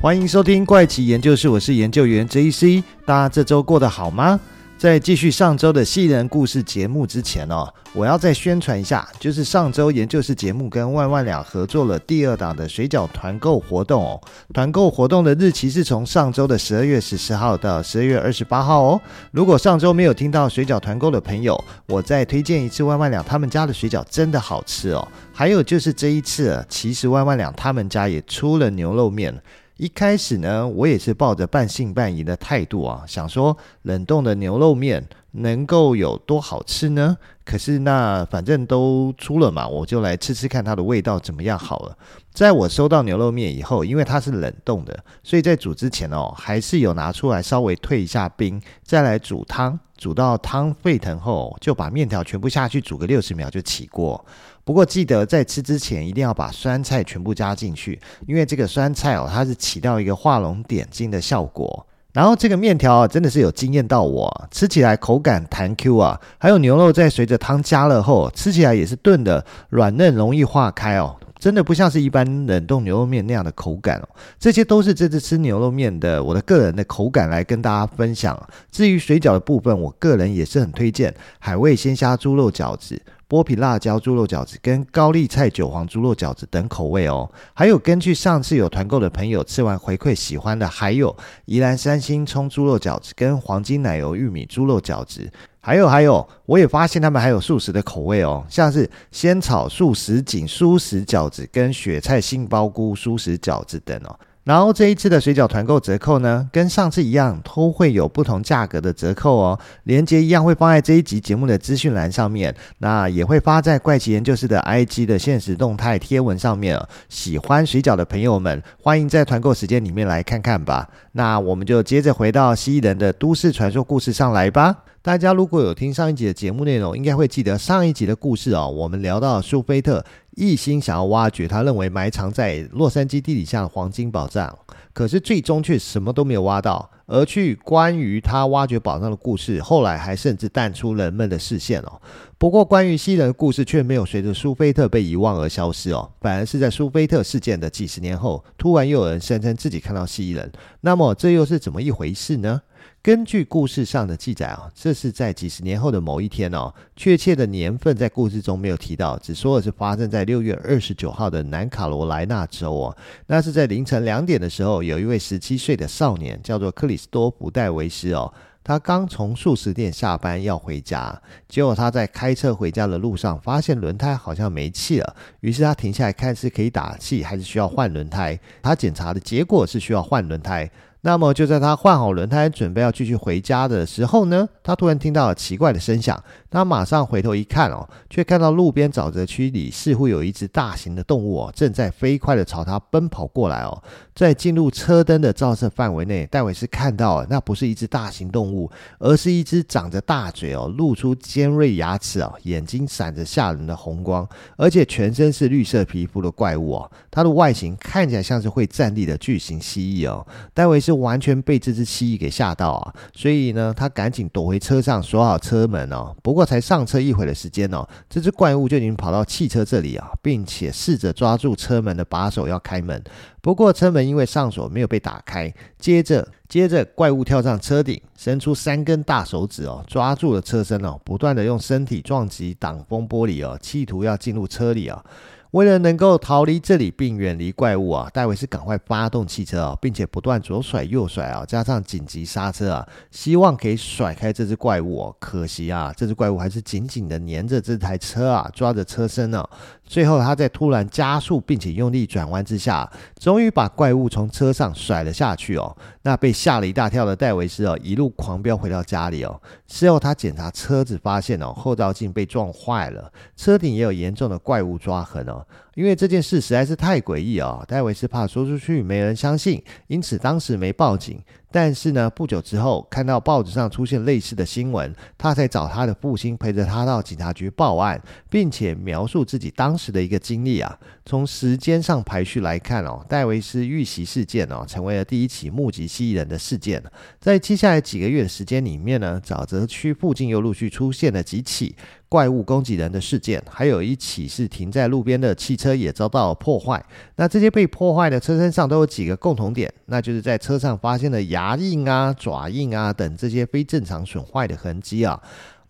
歡迎收聽怪奇研究室，我是研究員 JC。大家這周過得好嗎？在繼續上周的蜥蜴人故事節目之前哦，我要再宣傳一下，就是上周研究室節目跟萬萬兩合作了第二檔的水餃團購活動哦。團購活動的日期是從上周的十二月十四號到十二月二十八號哦。如果上周沒有聽到水餃團購的朋友，我再推薦一次萬萬兩他們家的水餃真的好吃哦。還有就是這一次，啊，其實萬萬兩他們家也出了牛肉麵。一開始呢，我也是抱着半信半疑的態度啊，想說冷凍的牛肉麵能夠有多好吃呢？可是那反正都出了嘛，我就來吃吃看它的味道怎麼樣好了。在我收到牛肉麵以後，因為它是冷凍的，所以在煮之前哦，還是有拿出來稍微退一下冰，再來煮湯。煮到湯沸騰後，就把麵條全部下去煮個六十秒就起鍋。不過記得在吃之前一定要把酸菜全部加進去，因為這個酸菜哦，它是起到一個畫龍點睛的效果。然後這個麵條啊，真的是有驚豔到我啊，吃起來口感彈 Q 啊，還有牛肉在隨着湯加熱後，吃起來也是燉的軟嫩，容易化開哦，真的不像是一般冷凍牛肉麵那樣的口感哦。這些都是這次吃牛肉麵的我的個人的口感來跟大家分享啊。至於水餃的部分，我個人也是很推薦海味鮮蝦豬肉餃子。剝皮辣椒豬肉餃子跟高麗菜韭黃豬肉餃子等口味哦，還有根據上次有團購的朋友吃完回饋喜歡的，還有宜蘭三星蔥豬肉餃子跟黃金奶油玉米豬肉餃子，還有還有，我也發現他們還有素食的口味哦，像是鮮炒素什錦素食餃子跟雪菜杏鮑菇素食餃子等哦。然後這一次的水餃團購折扣呢，跟上次一樣，都會有不同價格的折扣哦。連結一樣會放在這一集節目的資訊欄上面，那也會發在怪奇研究室的 IG 的限時動態貼文上面哦。喜歡水餃的朋友們，歡迎在團購時間裡面來看看吧。那我們就接着回到蜥蜴人的都市傳說故事上來吧。大家如果有聽上一集的節目內容，應該會記得上一集的故事哦。我們聊到舒菲特。一心想要挖掘他認為埋藏在洛杉磯地底下的黃金寶藏，可是最終卻什麼都沒有挖到，而且關於他挖掘寶藏的故事，後來還甚至淡出人們的視線哦。不過，關於蜥蜴人的故事卻沒有隨着舒菲特被遺忘而消失哦，反而是，在舒菲特事件的幾十年後，突然又有人聲稱自己看到蜥蜴人，那麼這又是怎麼一回事呢？根據故事上的記載啊，這是在幾十年後的某一天哦，確切的年份在故事中沒有提到，只說是發生在六月二十九號的南卡羅來納州哦。那是在凌晨兩點的時候，有一位十七歲的少年叫做克里斯多福·戴維斯哦，他剛從素食店下班要回家，結果他在開車回家的路上發現輪胎好像沒氣了，於是他停下來看是可以打氣還是需要換輪胎。他檢查的結果是需要換輪胎。那麼，就在他換好輪胎，準備要繼續回家的時候呢，他突然聽到了奇怪的聲響。他馬上回頭一看哦，卻看到路邊沼澤區裡似乎有一隻大型的動物哦，正在飛快地朝他奔跑過來哦。在進入車燈的照射範圍內，戴維斯看到那不是一隻大型動物，而是一隻長着大嘴哦、露出尖銳牙齒哦、眼睛閃着嚇人的紅光，而且全身是綠色皮膚的怪物哦。它的外形看起來像是會站立的巨型蜥蜴哦。戴維斯完全被這隻蜥蜴給嚇到啊、哦，所以呢，他趕緊躲回車上鎖好車門哦。不過，不過才上車一會的時間哦，這只怪物就已經跑到汽車這裡啊，並且試着抓住車門的把手要開門，不過車門因為上鎖沒有被打開。接着，接着怪物跳上車頂，伸出三根大手指哦，抓住了車身哦，不斷地用身體撞擊擋風玻璃哦，企圖要進入車裡啊。為了能夠逃離這裡並遠離怪物啊，戴維是趕快發動汽車啊、哦，並且不斷左甩右甩啊、哦，加上緊急剎車啊，希望可以甩開這只怪物、哦。可惜啊，這只怪物還是緊緊的粘着這台車啊，抓着車身呢、哦。最後，他在突然加速並且用力轉彎之下，終於把怪物從車上甩了下去哦。那被嚇了一大跳的戴維斯哦，一路狂飆回到家裡哦。事後他檢查車子，發現哦，後照鏡被撞壞了，車頂也有嚴重的怪物抓痕哦。因為這件事實在是太詭異哦，戴維斯怕說出去沒人相信，因此當時沒報警。但是呢，不久之後看到報紙上出現類似的新聞，他才找他的父親陪着他到警察局報案，並且描述自己當時的一個經歷啊。從時間上排序來看哦，戴維斯遇襲事件哦，成為了第一起目擊蜥蜴人的事件。在接下來幾個月的時間裡面呢，沼澤區附近又陸續出現了幾起怪物攻擊人的事件，還有一起是停在路邊的汽車也遭到了破壞。那這些被破壞的車身上都有幾個共同點，那就是在車上發現了牙印啊、爪印啊等這些非正常損壞的痕跡啊。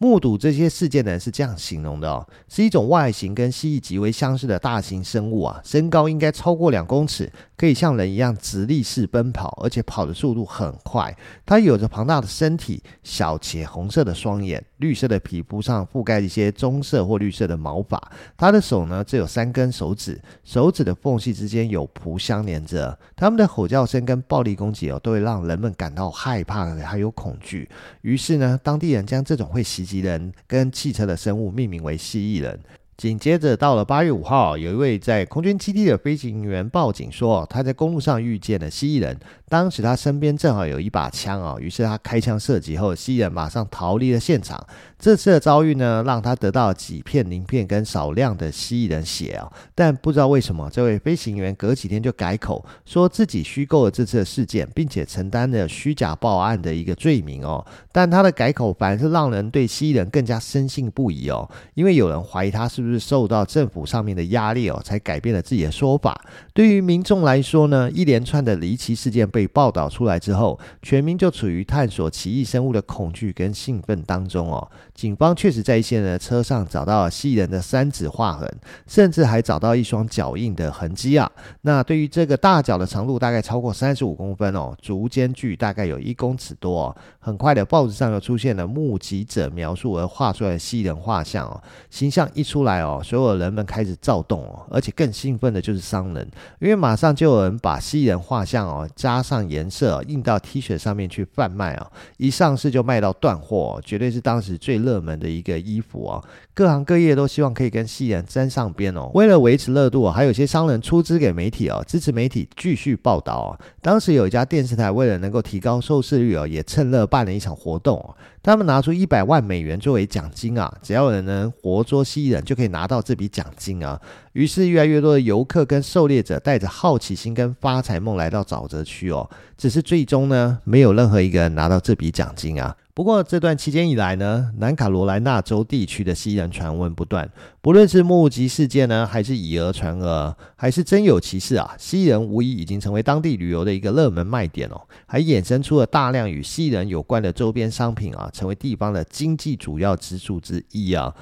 目睹這些事件的人是這樣形容的哦，是一種外形跟蜥蜴極為相似的大型生物啊，身高應該超過兩公尺，可以像人一樣直立式奔跑，而且跑的速度很快。它有着龐大的身體，小且紅色的雙眼，綠色的皮膚上覆蓋一些棕色或綠色的毛髮。他的手呢，只有三根手指，手指的縫隙之間有蹼相連着。他們的吼叫聲跟暴力攻擊哦，都會讓人們感到害怕還有恐懼。於是呢，當地人將這種會襲襲人跟汽車的生物命名為蜥蜴人。緊接着到了八月五號，有一位在空軍基地的飛行員報警說，他在公路上遇見了蜥蜴人。當時他身邊正好有一把槍啊，於是他開槍射擊後，蜥蜴人馬上逃離了現場。這次的遭遇呢，讓他得到了幾片鱗片跟少量的蜥蜴人血啊哦，但不知道為什麼，這位飛行員隔幾天就改口，說自己虛構了這次的事件，並且承擔了虛假報案的一個罪名哦。但他的改口反而是讓人對蜥蜴人更加深信不疑哦，因為有人懷疑他是不是受到政府上面的壓力哦，才改變了自己的說法。對於民眾來說呢，一連串的離奇事件被報道出來之後，全民就處於探索奇異生物的恐懼跟興奮當中哦。警方確實在一些人的車上找到了蜥蜴人的三指劃痕，甚至還找到一雙腳印的痕跡啊。那對於這個大腳的長度大概超過三十五公分哦，足間距大概有一公尺多，哦。很快的，報紙上又出現了目擊者描述而畫出來的蜥蜴人畫像哦。形象一出來哦，所有人們開始躁動哦，而且更興奮的就是商人，因為馬上就有人把蜥蜴人畫像哦加上顏色、哦、印到 T 恤上面去販賣哦。一上市就賣到斷貨，哦，絕對是當時最。熱門的一個衣服哦、啊，各行各業都希望可以跟蜥蜴人沾上邊哦。為了維持熱度、啊、還有些商人出資給媒體哦、啊，支持媒體繼續報道、啊、當時有一家電視台為了能夠提高收視率哦、啊，也趁熱辦了一場活動、啊、他們拿出一百萬美元作為獎金啊，只要有人能活捉蜥蜴人，就可以拿到這筆獎金啊。於是越來越多的游客跟狩獵者帶着好奇心跟發財夢來到沼澤區哦、啊。只是最終呢，沒有任何一個人拿到這筆獎金啊。不過這段期間以來呢，南卡羅來納州地區的蜥蜴人傳聞不斷，不論是目擊事件呢，還是以訛傳訛，還是真有其事啊，蜥蜴人無疑已經成為當地旅遊的一個熱門賣點哦，還衍生出了大量與蜥蜴人有關的周邊商品啊，成為地方的經濟主要支柱之一啊。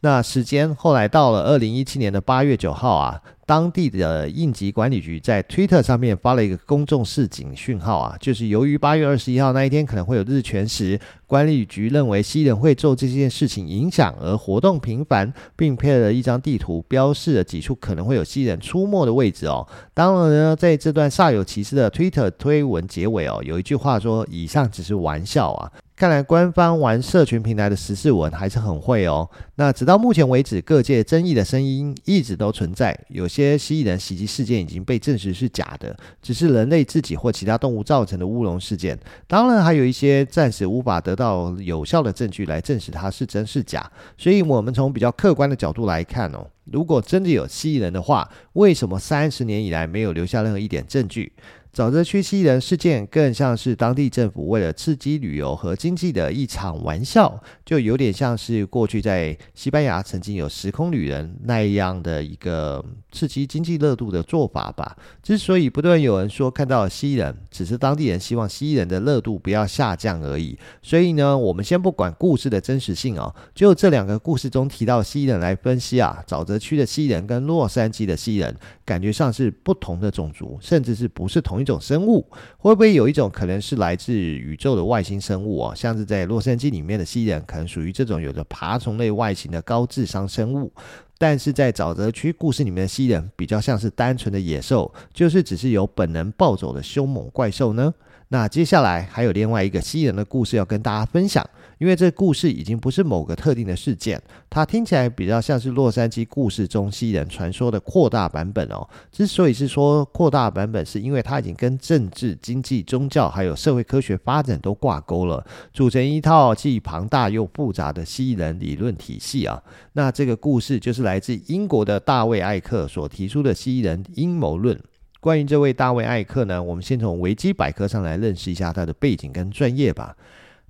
那時間後來到了二零一七年的八月九號啊。當地的應急管理局在推特上面發了一個公眾示警訊號啊，就是由於八月二十一號那一天可能會有日全食，管理局認為蜥蜴人會受這件事情影響而活動頻繁，並配了一張地圖，標示了幾處可能會有蜥蜴人出沒的位置哦。當然呢，在這段煞有其事的推特推文結尾哦，有一句話說：“以上只是玩笑啊。”看來官方玩社群平台的時事文還是很會哦。那直到目前為止，各界爭議的聲音一直都存在，有。些蜥蜴人襲擊事件已經被證實是假的，只是人類自己或其他動物造成的烏龍事件。當然，還有一些暫時無法得到有效的證據來證實它是真是假。所以，我們從比較客觀的角度來看哦，如果真的有蜥蜴人的話，為什麼三十年以來沒有留下任何一點證據？沼澤區蜥蜴人事件更像是當地政府，為了刺激旅遊和經濟的一場玩笑，就有點像是過去在西班牙曾經有時空旅人那樣的一個刺激經濟熱度的做法吧。之所以不斷有人說看到蜥蜴人，只是當地人希望蜥蜴人的熱度不要下降而已。所以呢，我們先不管故事的真實性哦，就這兩個故事中提到蜥蜴人來分析啊，沼澤區的蜥蜴人跟洛杉磯的蜥蜴人感覺上是不同的種族，甚至是不是同。一種生物，會不會有一種可能是來自宇宙的外星生物啊、哦？像是在洛杉磯裡面的蜥蜴人，可能屬於這種有着爬蟲類外形的高智商生物。但是在沼澤區故事裡面的蜥蜴人，比較像是單純的野獸，就是只是有本能暴走的凶猛怪獸呢。那接下來還有另外一個蜥蜴人的故事要跟大家分享。因為這個故事已經不是某個特定的事件，它聽起來比較像是洛杉磯故事中蜥蜴人傳說的擴大版本哦。之所以是說擴大版本，是因為它已經跟政治、經濟、宗教還有社會科學發展都掛鈎了，組成一套既龐大又複雜的蜥蜴人理論體系啊。那這個故事就是來自英國的大衛艾克所提出的蜥蜴人陰謀論。關於這位大衛艾克呢，我們先從維基百科上來認識一下他的背景跟專業吧。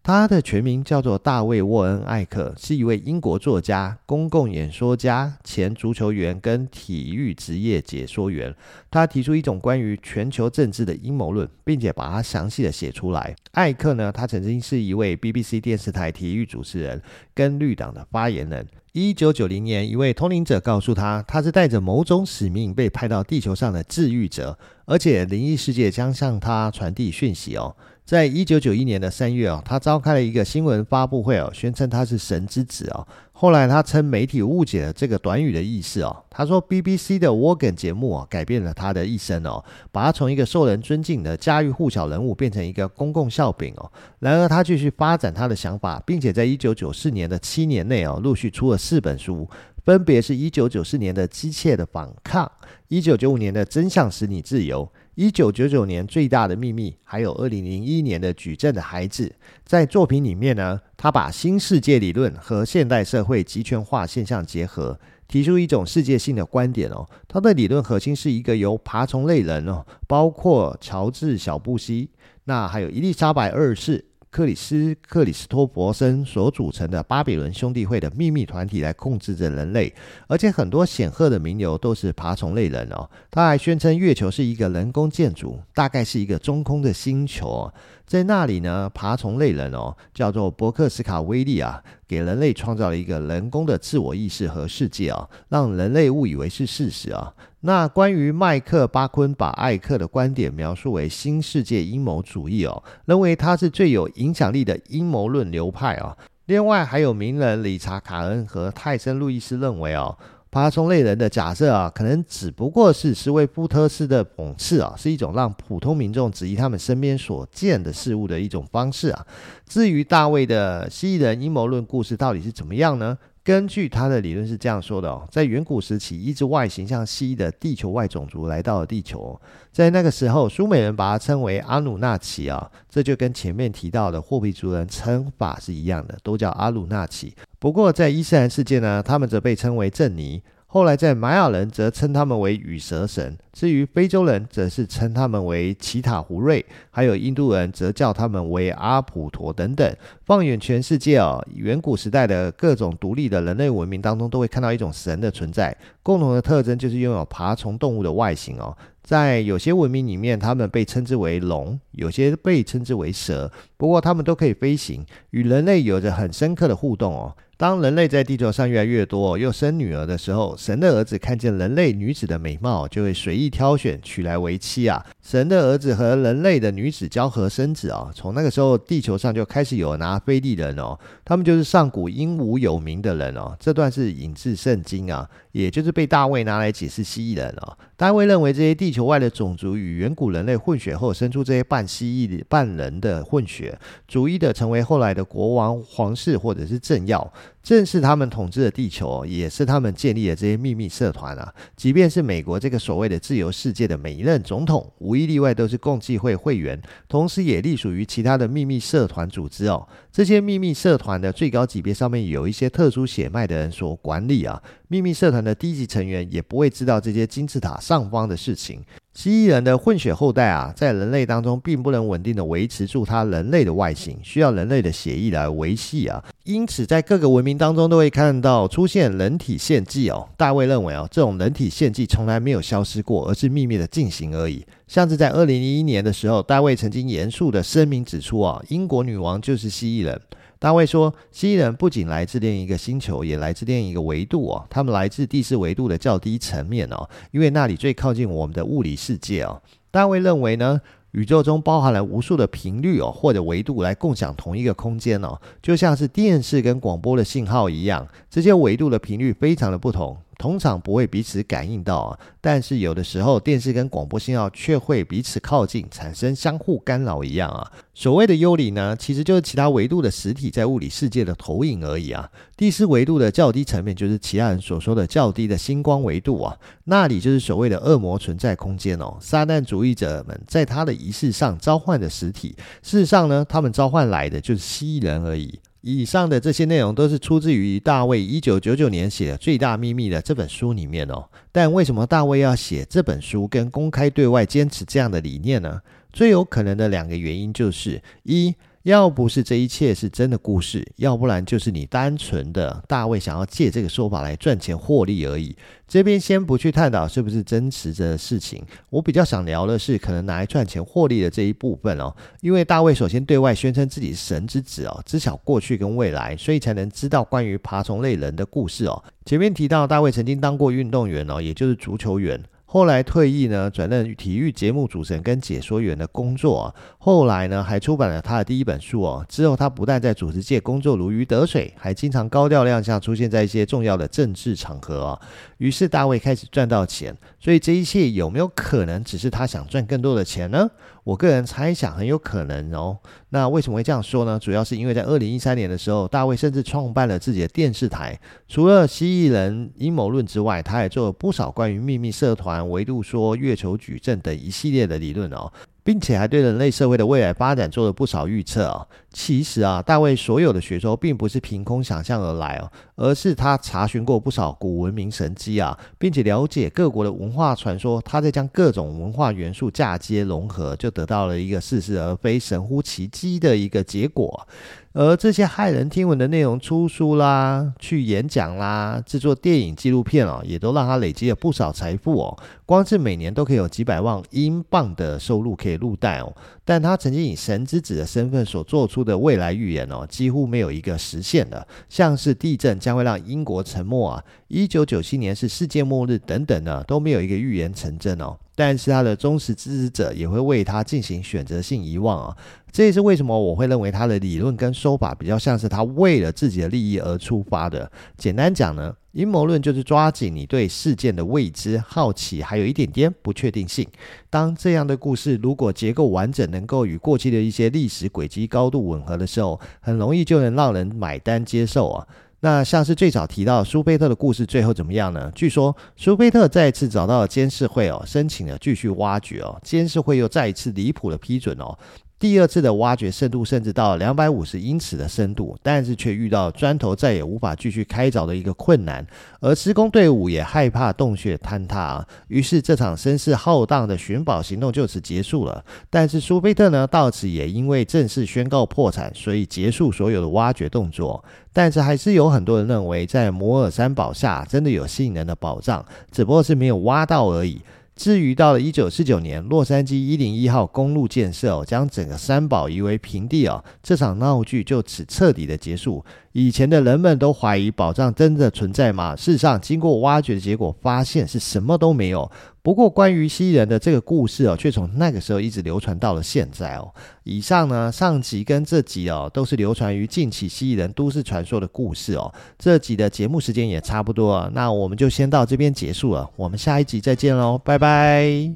他的全名叫做大衛·沃恩·艾克，是一位英國作家、公共演說家、前足球員跟體育職業解說員。他提出一種關於全球政治的陰謀論，並且把它詳細地寫出來。艾克呢，他曾經是一位 BBC 電視台體育主持人跟綠黨的發言人。一九九零年，一位通靈者告訴他，他是帶着某種使命被派到地球上的治癒者，而且靈異世界將向他傳遞訊息哦。在一九九一年的三月哦，他召開了一個新聞發布會哦，宣稱他是神之子哦。後來他稱媒體誤解了這個短語的意思哦。他說 BBC 的 Wogan 節目哦，改變了他的一生哦，把他從一個受人尊敬的家喻戶曉人物變成一個公共笑柄哦。然而他繼續發展他的想法，並且在一九九四年的七年內哦，陸續出了四本書，分別是一九九四年的《機械的反抗》，一九九五年的《真相使你自由》。一九九九年《最大的秘密》，還有二零零一年的《矩陣的孩子》。在作品裡面呢，他把新世界理論和現代社會極權化現象結合，提出一種世界性的觀點哦。他的理論核心是一個由爬蟲類人哦，包括喬治小布希，那還有伊麗莎白二世。克里斯克里斯托伯森所組成的巴比倫兄弟會的秘密團體來控制着人類，而且很多顯赫的名流都是爬蟲類人哦。他還宣稱月球是一個人工建築，大概是一個中空的星球哦。在那裡呢，爬蟲類人哦，叫做伯克斯卡威利啊，給人類創造了一個人工的自我意識和世界啊、哦，讓人類誤以為是事實啊、哦。那關於麥克巴昆把艾克的觀點描述為新世界陰謀主義哦，認為他是最有影響力的陰謀論流派啊、哦。另外還有名人理查卡恩和泰森路易斯認為哦，爬蟲類人的假設啊，可能只不過是斯威夫特式的諷刺啊，是一種讓普通民眾質疑他們身邊所見的事物的一種方式啊。至於大衛的蜥蜴人陰謀論故事到底是怎麼樣呢？根據他的理論是這樣說的哦，在遠古時期，一支外形像蜥蜴的地球外種族來到了地球，在那個時候，蘇美人把它稱為阿努納奇啊、哦，這就跟前面提到的霍皮族人稱法是一樣的，都叫阿努納奇。不過在伊斯蘭世界呢，他們則被稱為鎮尼。後來，在瑪雅人則稱他們為羽蛇神，至於非洲人則是稱他們為奇塔胡瑞，還有印度人則叫他們為阿普陀等等。放眼全世界哦，遠古時代的各種獨立的人類文明當中，都會看到一種神的存在，共同的特徵就是擁有爬蟲動物的外形哦。在有些文明裡面，他們被稱之為龍，有些被稱之為蛇，不過他們都可以飛行，與人類有着很深刻的互動哦。當人類在地球上越來越多，又生女兒的時候，神的兒子看見人類女子的美貌，就會隨意挑選，娶來為妻啊。神的兒子和人類的女子交合生子哦，從那個時候，地球上就開始有拿非利人哦，他們就是上古英武有名的人哦。這段是引自聖經啊，也就是被大衛拿來解釋蜥蜴人哦。大衛認為這些地球外的種族與遠古人類混血後，生出這些半蜥蜴半人的混血，逐一的成為後來的國王、皇室或者是政要，正是他們統治的地球哦，也是他們建立的這些秘密社團啊。即便是美國這個所謂的自由世界的每一任總統，無一例外都是共濟會會員，同時也隸屬於其他的秘密社團組織哦。這些秘密社團的最高級別上面有一些特殊血脈的人所管理啊，秘密社團的低級成員也不會知道這些金字塔上方的事情。蜥蜴人的混血後代啊，在人類當中並不能穩定的維持住他人類的外形，需要人類的血液來維繫啊。因此，在各個文明當中都會看到出現人體獻祭哦。大衛認為哦、啊，這種人體獻祭從來沒有消失過，而是秘密的進行而已。像是在二零零一年的時候，大衛曾經嚴肅的聲明指出啊，英國女王就是蜥蜴人，大衛說，蜥蜴人不僅來自另一個星球，也來自另一個維度哦。他們來自第四維度的較低層面哦，因為那裡最靠近我們的物理世界哦。大衛認為呢，宇宙中包含了無數的頻率哦，或者維度來共享同一個空間哦，就像是電視跟廣播的信號一樣，這些維度的頻率非常的不同。通常不會彼此感應到啊，但是有的時候電視跟廣播信號卻會彼此靠近，產生相互干擾一樣啊。所謂的幽靈呢，其實就是其他維度的實體在物理世界的投影而已啊。第四維度的較低層面，就是其他人所說的較低的星光維度啊，那裡就是所謂的惡魔存在空間哦。撒旦主義者們在他的儀式上召喚的實體，事實上呢，他們召喚來的就是蜥蜴人而已。以上的這些內容都是出自於大衛一九九九年寫的《最大秘密》的這本書裡面哦。但為什麼大衛要寫這本書，跟公開對外堅持這樣的理念呢？最有可能的兩個原因就是一。要不是這一切是真的故事，要不然就是你單純的大衛想要借這個說法來賺錢獲利而已。這邊先不去探討是不是真實的事情，我比較想聊的是可能拿來賺錢獲利的這一部分哦。因為大衛首先對外宣稱自己是神之子哦，知曉過去跟未來，所以才能知道關於爬蟲類人的故事哦。前面提到大衛曾經當過運動員哦，也就是足球員。後來退役呢，轉任體育節目主持人跟解說員的工作。後來呢，還出版了他的第一本書哦。之後他不但在主持界工作如魚得水，還經常高調亮相，出現在一些重要的政治場合哦，於是大衛開始賺到錢。所以這一切有沒有可能只是他想賺更多的錢呢？我個人猜想很有可能哦。那為什麼會這樣說呢？主要是因為在二零一三年的時候，大衛甚至創辦了自己的電視台。除了蜥蜴人陰謀論之外，他也做了不少關於秘密社團、維度說、月球矩陣等一系列的理論哦。並且還對人類社會的未來發展做了不少預測哦，其實啊，大衛所有的學說並不是憑空想象而來哦，而是他查詢過不少古文明神蹟啊，並且了解各國的文化傳說，他在將各種文化元素嫁接融合，就得到了一個似是而非、神乎其技的一個結果。而這些駭人聽聞的內容出書啦、去演講啦、制作電影紀錄片啊、哦，也都讓他累積了不少財富哦。光是每年都可以有幾百萬英鎊的收入可以入袋哦，但他曾經以神之子的身份所做出的未來預言哦，幾乎沒有一個實現的，像是地震將會讓英國沉沒啊，一九九七年是世界末日等等呢，都沒有一個預言成真哦。但是他的忠實支持者也會為他進行選擇性遺忘啊，這也是為什麼我會認為他的理論跟說法比較像是他為了自己的利益而出發的。簡單講呢。陰謀論就是抓緊你對事件的未知好奇，還有一點點不確定性。當這樣的故事如果結構完整，能夠與過去的一些歷史軌跡高度吻合的時候，很容易就能讓人買單接受哦，那像是最早提到舒菲特的故事，最後怎麼樣呢？據說舒菲特再次找到了監事會哦，申請了繼續挖掘哦，監事會又再一次離譜的批准哦。第二次的挖掘深度甚至到兩百五十英尺的深度，但是卻遇到磚頭再也無法繼續開鑿的一個困難，而施工隊伍也害怕洞穴坍塌啊，於是這場聲勢浩蕩的尋寶行動就此結束了。但是舒菲特呢，到此也因為正式宣告破產，所以結束所有的挖掘動作。但是還是有很多人認為，在摩爾山堡下真的有吸引人的寶藏，只不過是沒有挖到而已。至於到了一九四九年，洛杉磯一零一號公路建設哦，將整個三堡夷為平地啊，這場鬧劇就此徹底的結束。以前的人們都懷疑寶藏真的存在嗎？事實上，經過挖掘的結果發現是什麼都沒有。不過，關於蜥蜴人的這個故事哦，卻從那個時候一直流傳到了現在哦。以上呢，上集跟這集哦，都是流傳於近期蜥蜴人都市傳說的故事哦。這集的節目時間也差不多了，那我們就先到這邊結束了。我們下一集再見嘍，拜拜。